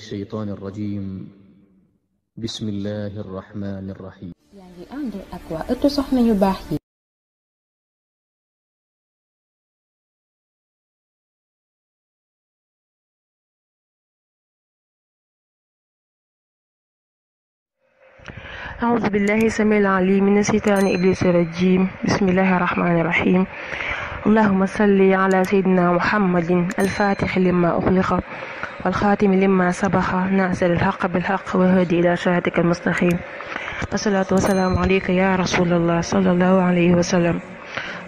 الشيطان الرجيم بسم الله الرحمن الرحيم يعني أنظر أقوى ak waa ëttu أعوذ بالله السميع العليم من الشيطان إبليس الرجيم بسم الله الرحمن الرحيم اللهم صل على سيدنا محمد الفاتح لما أغلق والخاتم لما سبق نأسر الحق بالحق وهدي إلى شهادك المستقيم الصلاة والسلام عليك يا رسول الله صلى الله عليه وسلم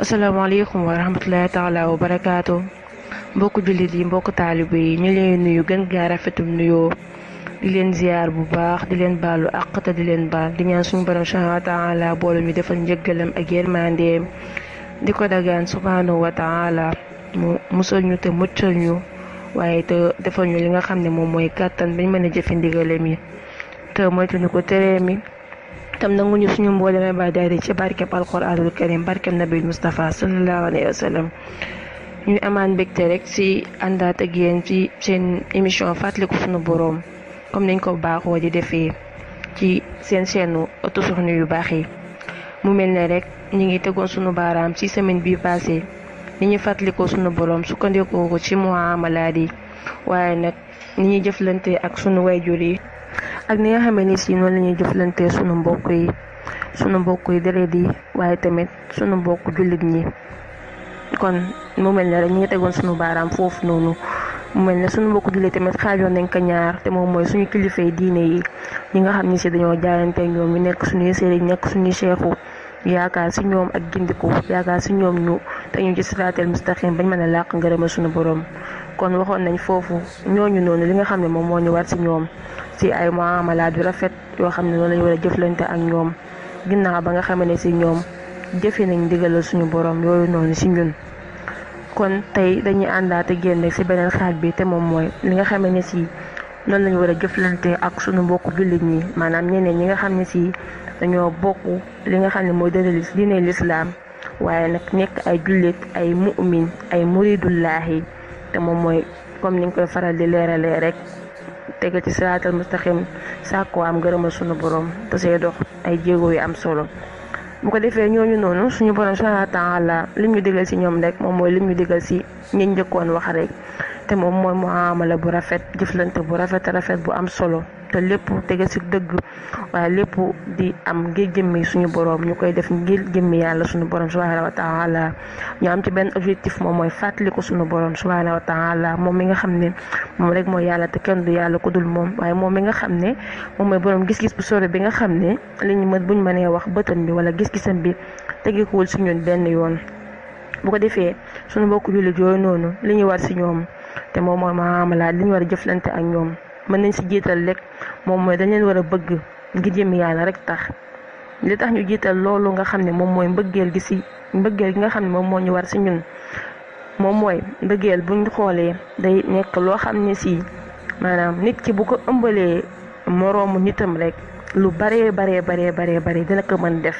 السلام عليكم ورحمة الله تعالى وبركاته بوكو جلدين بوكو طالبي نيلي نيو غن غارفتم نيو dileen ziar bu baax dileen balu aqta dileen bal di ñaan suñu borom subhanahu wa ta'ala boole mi defal njeggalam ak yermandeem diko dagaan subhanahu waaye te defal ñu li nga xam ne moom mooy kàttan bañ mën a jëfe ndigalam yi te moytuñu ko tereem mi tam nanguñu suñu mboolem ay baadaari ci barkeb alquraanul karim barkeb nabil Mustafa sallallahu alayhi wa sallam ñuy amaan mbégte rek ci àndaat ak yéen ci seen émission ko sunu boroom comme nañ ko baaxoo di defee ci seen seenu ëttu soxna yu baax yi mu mel ne rek ñu ngi tegoon sunu baaraam ci semaine bi paase ni ñu fàttalikoo sunu boroom sukkandikoo ko ci muamalaat yi waaye nag ni ñuy jëflante ak sunu wayjur yi ak ni nga xamee ni si noonu la ñuy jëflante sunu mbokk yi sunu mbokk yi deret yi waaye tamit sunu mbokk jullit ñi kon mu mel ne rek ñu ngi tegoon sunu baaraam foofu noonu mu mel sunu mbokk jullit tamit xaajoon nañ ko ñaar te moom mooy suñu kilifay diine yi ñi nga xam ni si dañoo jaayante ñoom ñu nekk suñuy sëriñ nekk suñuy seexu yaakaar si ñoom ak gindiku yaakaar si ñoom ñu te ñu ci siraatal mustaqim bañ mën a làq ngërëma suñu borom kon waxoon nañ foofu ñooñu noonu li nga xam ne moom moo ñu war si ñoom si ay muamalaat yu rafet yoo xam ne noonu lañu war a jëflante ak ñoom ginnaaw ba nga xam ne si ñoom jëfe nañ digalal suñu borom yooyu noonu si ñun kon tey dañuy àndaate génn si beneen xaaj bi te moom mooy li nga xam ne si noonu lañu war a jëflante ak suñu mbokku jullit ñi maanaam ñeneen ñi nga xam ne si dañoo bokk li nga xam ne mooy dëralis diine lislaam waaye nag nekk ay jullit ay mu'min ay muridullaahi te moom mooy comme ni nga koy faral di leeralee rek tege ci siraatal mustaqim sàkku am gërëmal sunu borom te see dox ay jéego yu am solo bu ko defee ñooñu noonu suñu borom subhaanahu wa taala lim ñu digal si ñoom rek moom mooy lim ñu digal si ñi njëkkoon wax rek te moom mooy mu muamala bu rafet jëflante bu rafet rafet bu am solo te lépp tege ci dëgg waaye lépp di am ngir jëmmi suñu boroom ñu koy def ngir jëmmi yàlla suñu boroom subhaanahu wa taala ñu am ci benn objectif moom mooy fàttaliku suñu boroom subhaanahu wa taala moom mi nga xam ne moom rek moo yàlla te kenn du yàlla ku dul moom waaye moom mi nga xam ne moom mooy boroom gis-gis bu sore bi nga xam ne li ñu mën buñ mënee wax bëtam bi wala gis-gisam bi tegekuwul si ñu benn yoon bu ko defee suñu mbokku jullit yooyu noonu li ñuy war ci ñoom te moom mooy muamalaat li ñu war a jëflante ak ñoom mën nañ si jiital lekk moom mooy dañ war a bëgg ngir jëm yàlla rek tax li tax ñu jiital loolu nga xam ne moom mooy mbëggeel gi si mbëggeel gi nga xam ne moom moo ñu war si ñun moom mooy mbëggeel buñ xoolee day nekk loo xam ne sii maanaam nit ki bu ko ëmbalee moroomu nitam rek lu baree baree baree baree bare dina ko mën def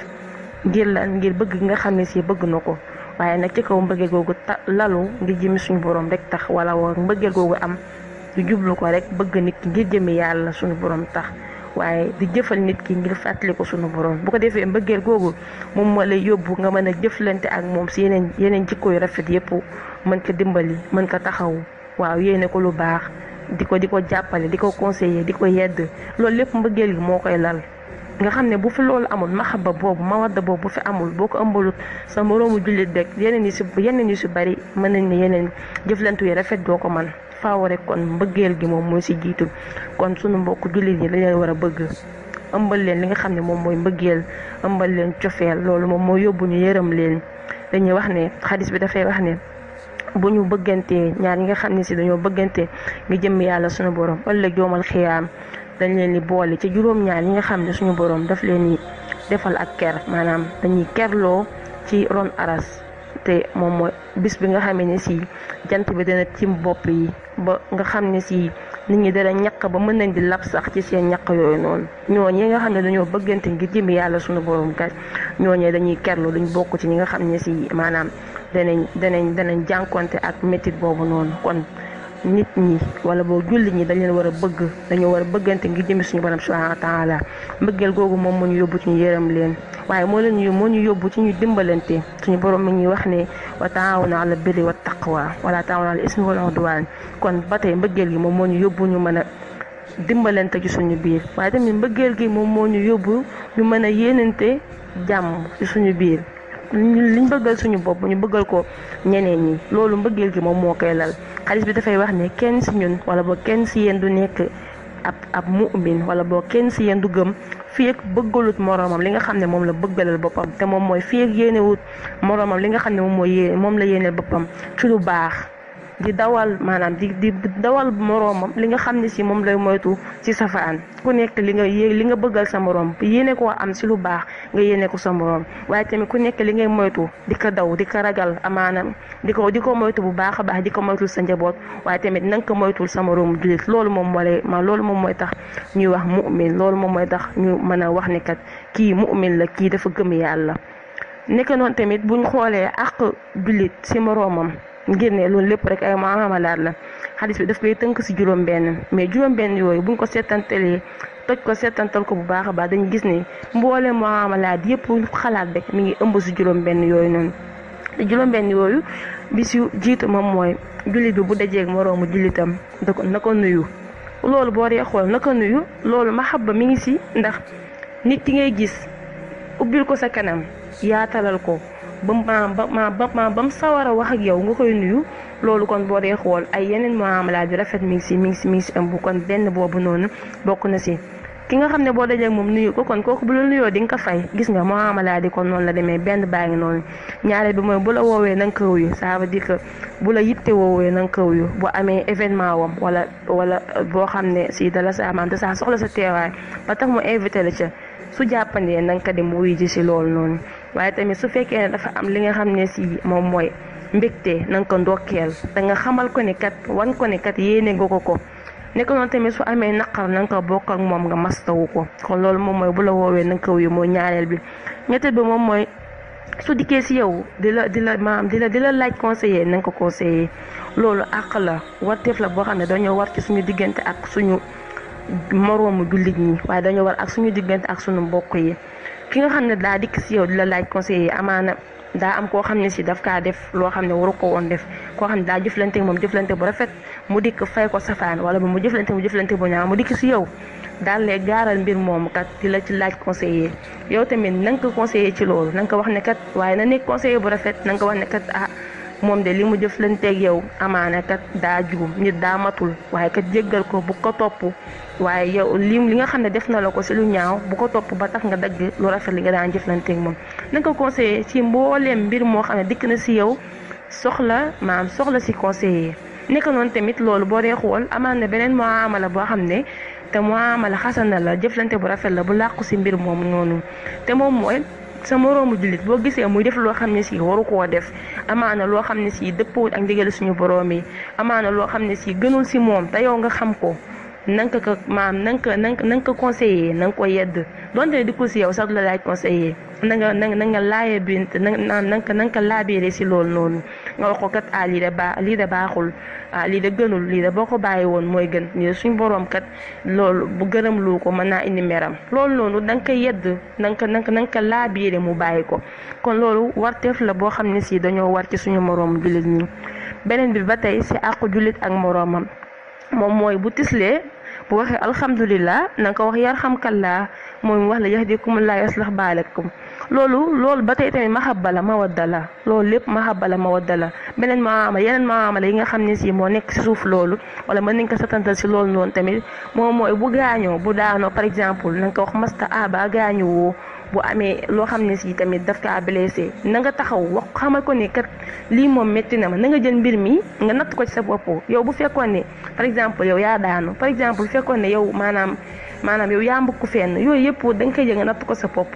ngir lan ngir bëgg nga xam ne si bëgg na ko waaye nag ci kaw mbëggeel googu ta lalu ngir jëmi suñu borom rek tax wala woo mbëggeel googu am du jublu ko rek bëgg nit ki ngir jëmi yàlla suñu borom tax waaye di jëfal nit ki ngir fàttali ko suñu borom bu ko defee mbëggeel googu moom moo lay yóbbu nga mën a jëflante ak moom si yeneen yeneen jikko yu rafet yépp mën ko dimbali mën ko taxawu waaw yéene ko lu baax di ko di ko jàppale di ko conseiller di ko yedd loolu yépp mbëggeel gi moo koy lal nga xam ne bu fi loolu amul maxaba boobu mawadda boobu bu fi amul boo ko ëmbalut sa moroomu jullit beeg yeneen yi si yeneen yi si bari mën nañ ne yeneen jëflantu yi rafet doo ko man faaw rek kon mbëggeel gi moom mooy si jiitu kon sunu mbokk jullit yi dañ war a bëgg ëmbal leen li nga xam ne moom mooy mbëggeel ëmbal leen cofeel loolu moom moo yóbbu ñu yërëm leen dañuy wax ne xadis bi dafay wax ne bu ñu bëggantee ñaar yi nga xam ne si dañoo bëggantee ngi jëm yàlla suñu borom ëllëg joomal xiyaam dañ leen di boole ci juróom-ñaar yi nga xam ne suñu borom daf leen di defal ak ker maanaam dañuy kerloo ci ron aras te moom mooy bis bi nga xamee ne si jant bi dana tim bopp yi ba nga xam ne si nit ñi dana ñaq ba mën nañ di lab sax ci seen ñaq yooyu noonu ñooñee nga xam ne dañoo bëggante ngir jëmi yàlla suñu borom kat ñooñee dañuy kerlu duñ bokk ci ñi nga xam ne si maanaam danañ danañ danañ jànkonte ak métit boobu noonu kon nit ñi wala boo julli ñi dañ leen war a bëgg dañu war a bëggante ngir jëme suñu borom subhanahu wa taala mbëggeel googu moom moo ñu yóbbu ci ñu yërëm leen waaye moo leen yu moo ñu yóbbu ci ñu dimbalante suñu borom mi ñuy wax ne wa taawuna ala birri wa taqwa wala taawuna ala ismi wal kon ba tey mbëggeel gi moom moo ñu yóbbu ñu mën a dimbalante ci suñu biir waaye tamit mbëggeel gi moom moo ñu yóbbu ñu mën a yéenante jàmm ci suñu biir ñun liñ bëggal suñu bopp ñu bëggal ko ñeneen ñi loolu mbëggeel gi moom moo koy lal xadis bi dafay wax ne kenn si ñun wala boo kenn si yéen du nekk ab ab mu'min wala boo kenn si yéen du gëm fii ak bëggalut moroomam li nga xam ne moom la bëggalal boppam te moom mooy fii ak yéenewut moroomam li nga xam ne moom mooy yéene moom la yéeneel boppam ci lu baax di dawal maanaam di di dawal moroomam li nga xam ne si moom lay moytu ci safaan ku nekk li nga li nga bëggal sa moroom yéene koo am si lu baax nga yéene ko sa moroom waaye tamit ku nekk li ngay moytu di ko daw di ko ragal amaanam di ko di ko moytu bu baax a baax di ko moytul sa njaboot waaye tamit na ko moytul sa moroom jullit loolu moom moo ma loolu moom mooy tax ñuy wax mu'min loolu moom mooy tax ñu mën a wax ne kat kii mu'min la kii dafa gëm yàlla nekk noonu tamit bu ñu xoolee àq jullit si moroomam ngir ne loolu lépp rek ay muamalaat la xadis bi daf koy tënk si juróom-benn mais juróom-benn yooyu ñu ko seetantalee toj ko seetantal ko bu baax a baax dañu gis ne mboole muamalaat yépp xalaat rek mi ngi ëmb si juróom-benn yooyu noonu te juróom-benn yooyu bi si jiitu moom mooy jullit bi bu dajeeg moroomu jullitam da ko na ko nuyu loolu boo dee xool na ko nuyu loolu ma maxabba mi ngi si ndax nit ki ngay gis ubbil ko sa kanam yaatalal ko. ba ba ma ba ma ba mu sawar wax ak yow nga koy nuyu loolu kon boo dee xool ay yeneen muamalat yu rafet mi ngi si mi ngi si mi ngi si ëmb kon benn boobu noonu bokk na si. ki nga xam ne boo dajee moom nuyu ko kon kooku bu la nuyoo di nga ko fay gis nga muamalat yi kon noonu la demee benn baa ngi noonu ñaareel bi mooy bu la woowee na nga ko wuyu ça veut dire que bu la yitte woowee na nga ko wuyu bu amee événement wam wala wala boo xam ne si dala saa maam te saa soxla sa teewaay ba tax invité la ca su jàppandee na ko dem wuyu ji si loolu noonu. waaye tamit su fekkee ne dafa am li nga xam ne si moom mooy mbégte na ko ndokkeel da nga xamal ko ne kat wan ko ne kat yéene nga ko ko nekk noonu tamit su amee naqar na ko bokk ak moom nga mastawu ko kon loolu moom mooy bu la woowee na nga ko wuyu mooy ñaareel bi ñetteel bi moom mooy su diggee si yow di la di la maam di la di la laaj conseiller na nga ko conseiller loolu àq la warteef la boo xam ne dañoo war ci suñu diggante ak suñu moroomu jullit ñi waaye dañoo war ak suñu diggante ak suñu mbokk yi ki nga xam ne daa dikk si yow di la laaj conseiller amaana daa am koo xam ne si daf kaa def loo xam ne waru ko woon def koo xam ne daa jëflante moom jëflante bu rafet mu dikk fay ko safaan wala mu jëflante mu jëflante bu ñaaw mu dikk si yow daal lee gaaral mbir moomu kat di la ci laaj conseiller yow tamit na nga ko conseiller ci loolu na nga ko wax ne kat waaye na nekk conseiller bu rafet na nga ko wax ne kat ah. moom de li mu jëflanteeg yow amaana kat daa juum nit daa matul waaye kat jéggal ko bu ko topp waaye yow li li nga xam ne def na la ko si lu ñaaw bu ko topp ba tax nga dagg lu rafet li nga daan jëflanteeg moom na nga ko conseiller ci mbooleem mbir moo xam ne dikk na si yow soxla maam soxla si conseiller nekk noonu tamit loolu boo dee xool amaan na beneen muamala boo xam ne te muamala xasana la jëflante bu rafet la bu làqu si mbir moom noonu te moom mooy sa moroomu jullit boo gisee muy def loo xam ne si waru koo def amaana loo xam ne si dëppoowul ak ndigal suñu borom yi amaana loo xam ne si gënul si moom te yow nga xam ko na ko maam na nga ko ko conseiller na nga ko yedd donte ne di ko si yow sax du la laaj conseiller na nga na nga laajee bi na nga na nga ko laabiree si loolu noonu nga wax ko kat ah lii de baaxul ah lii de gënul lii de boo ko bàyyi woon mooy gën lii de suñ boroom kat loolu bu gërëm lu ko mën naa indi meram loolu noonu da yedd na nga ko na nga mu bàyyi ko kon loolu warteef la boo xam ne sii dañoo war ci suñu moroom jullit ñi beneen bi ba tey si àqu jullit ak moroomam moom mooy bu tislee bu waxee alhamdulilah na wax ko xam yarhamkallah mooy mu wax la yahdikumullah yaslih baalakum loolu lool ba tey tamit mahabba la mawadda la lool lépp mahabba la mawadda la beneen maamala yeneen maamala yi nga xam ne si moo nekk si suuf loolu wala mën nañ ko satantal si lool noon tamit moo mooy bu gaañoo bu daanoo par exemple na nga ko wax masta aba gaañu woo bu amee loo xam ne sii tamit daf kaa blessé na nga taxaw wax xamal ko ne kat lii moom métti na ma na nga jël mbir mi nga natt ko ci sa bopp yow bu fekkoon ne par exemple yow yaa daanu par exemple bu fekkoon ne yow maanaam maanaam yow yaa mbëkku fenn yooyu yëpp da nga koy jël nga natt ko sa popp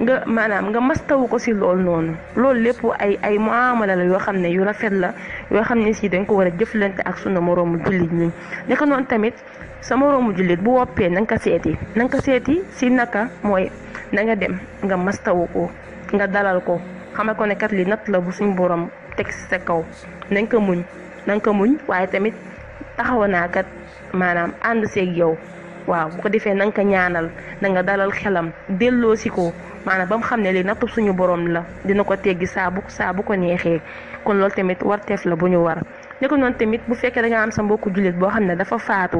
nga maanaam nga mastawu ko si lool noonu loolu lépp ay ay muamala la yoo xam ne yu rafet la yoo xam ne si dañ ko war a jëflante ak sunu moroomu jullit ñi naka noon tamit sa moroomu jullit bu woppee na ko seeti na ko seeti si naka mooy. na nga dem nga mastawu ko nga dalal ko xamal ko ne kat li natt la bu suñu borom teg sa kaw na ko muñ na ko muñ waaye tamit taxaw naa kat maanaam ànd seeg yow waaw bu ko defee na ko ñaanal na dalal xelam delloo si ko maanaam ba mu xam ne li nattub suñu borom la dina ko teggi saa bu saa bu ko neexee kon loolu tamit warteef la bu ñu war. ne ko noonu tamit bu fekkee da nga am sa mbokku jullit boo xam ne dafa faatu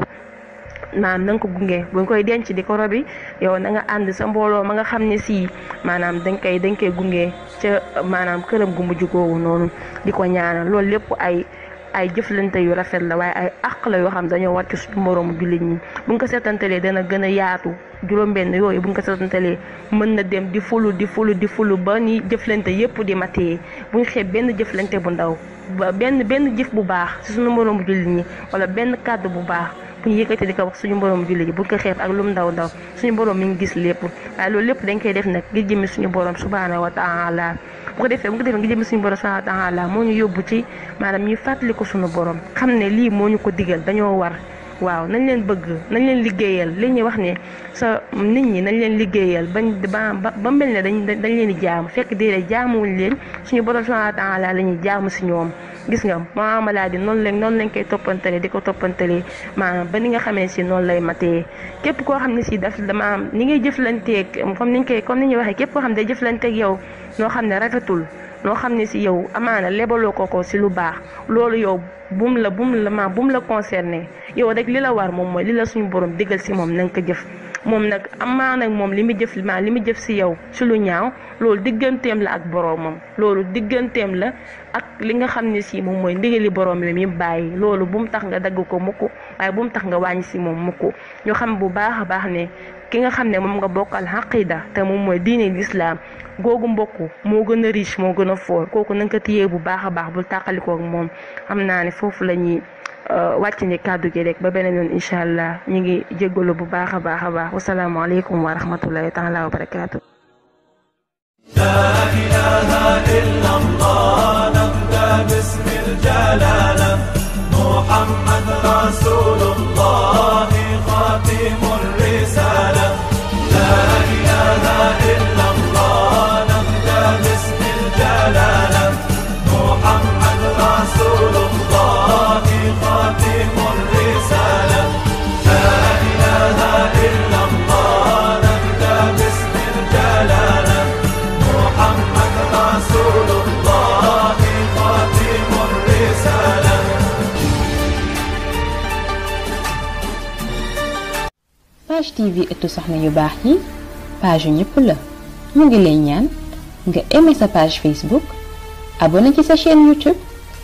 naan nanga ko gunge bu koy denc di ko robi yow na nga ànd sa mbooloo ma nga xam ne sii maanaam dañ koy dañ koy gunge ca maanaam këram gu mujj googu noonu di ko ñaana loolu lépp ay ay jëflante yu rafet la waaye ay àq la yoo xam dañoo war ci suñu moroomu jullit ñi bu nga ko seetantalee dana gën a yaatu juróom-benn yooyu bu nga ko seetantalee mën na dem di fulu di fulu di fulu ba ni jëflante yépp di matee bu ñu xeeb benn jëflante bu ndaw ba benn jëf bu baax ci suñu moroomu jullit ñi wala benn kàddu bu baax ku yëkkati di ko wax suñu borom julli ji bu ko xeeb ak lum ndaw ndaw suñu borom mi ngi gis lépp waaye loolu lépp dañ koy def nag ngir jëmmi suñu borom subhaanahu wa taala bu ko defee bu ko defee ngir jëmmi suñu borom subhaanahu wa taala moo ñu yóbbu ci maanaam ñu fàttali ko suñu borom xam ne lii moo ñu ko digal dañoo war waaw nañ leen bëgg nañ leen liggéeyal li ñuy wax ne sa nit ñi nañ leen liggéeyal bañ ba ba mel ne dañ dañ leen di jaamu fekk déedéet jaamuwuñ leen suñu borom subhanahu wa taala la ñuy jaamu si ñoom gis nga maa malaa di noonu lañ noonu lañ koy toppantale di ko toppantale maanaam ba ni nga xamee si noonu lay matee képp koo xam ne si daf maanaam ni ngay jëflanteeg comme niñ koy comme ni ñuy waxee képp koo xam ne day jëflanteek yow noo xam ne rafetul noo xam ne si yow amaana lebaloo ko ko si lu baax loolu yow bum la bum la ma bum la concerné yow rek li la war moom mooy li la suñu borom digal si moom na ko jëf moom nag amaa nag moom li mu jëf maa li mu jëf si yow ci lu ñaaw loolu digganteem la ak boroomam loolu digganteem la ak li nga xam ne si moom mooy ndigali boroom yi mi bàyyi loolu bu mu tax nga dagg ko mukk waaye bu mu tax nga wàññi si moom mukk ñu xam bu baax a baax ne ki nga xam ne moom nga bokkal xaqida te moom mooy diine lislaam googu mbokk moo gën a riche moo gën a foor kooku na nga bu baax a baax bul tàqalikoo moom am naa ne foofu la ñuy wàcc ni kàddu gi rek ba beneen yoon incha allah ñu ngi jéggalu bu baax a baax a baax wasalaamaaleykum wa rahmatullahi taala wa barakaatu. TV ëttu soxna yu baax yi page yu ñëpp la mu ngi lay ñaan nga aimé sa page Facebook abonné ci sa chaîne YouTube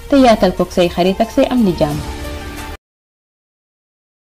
te yaatal kook say xarit ak say am di jàmm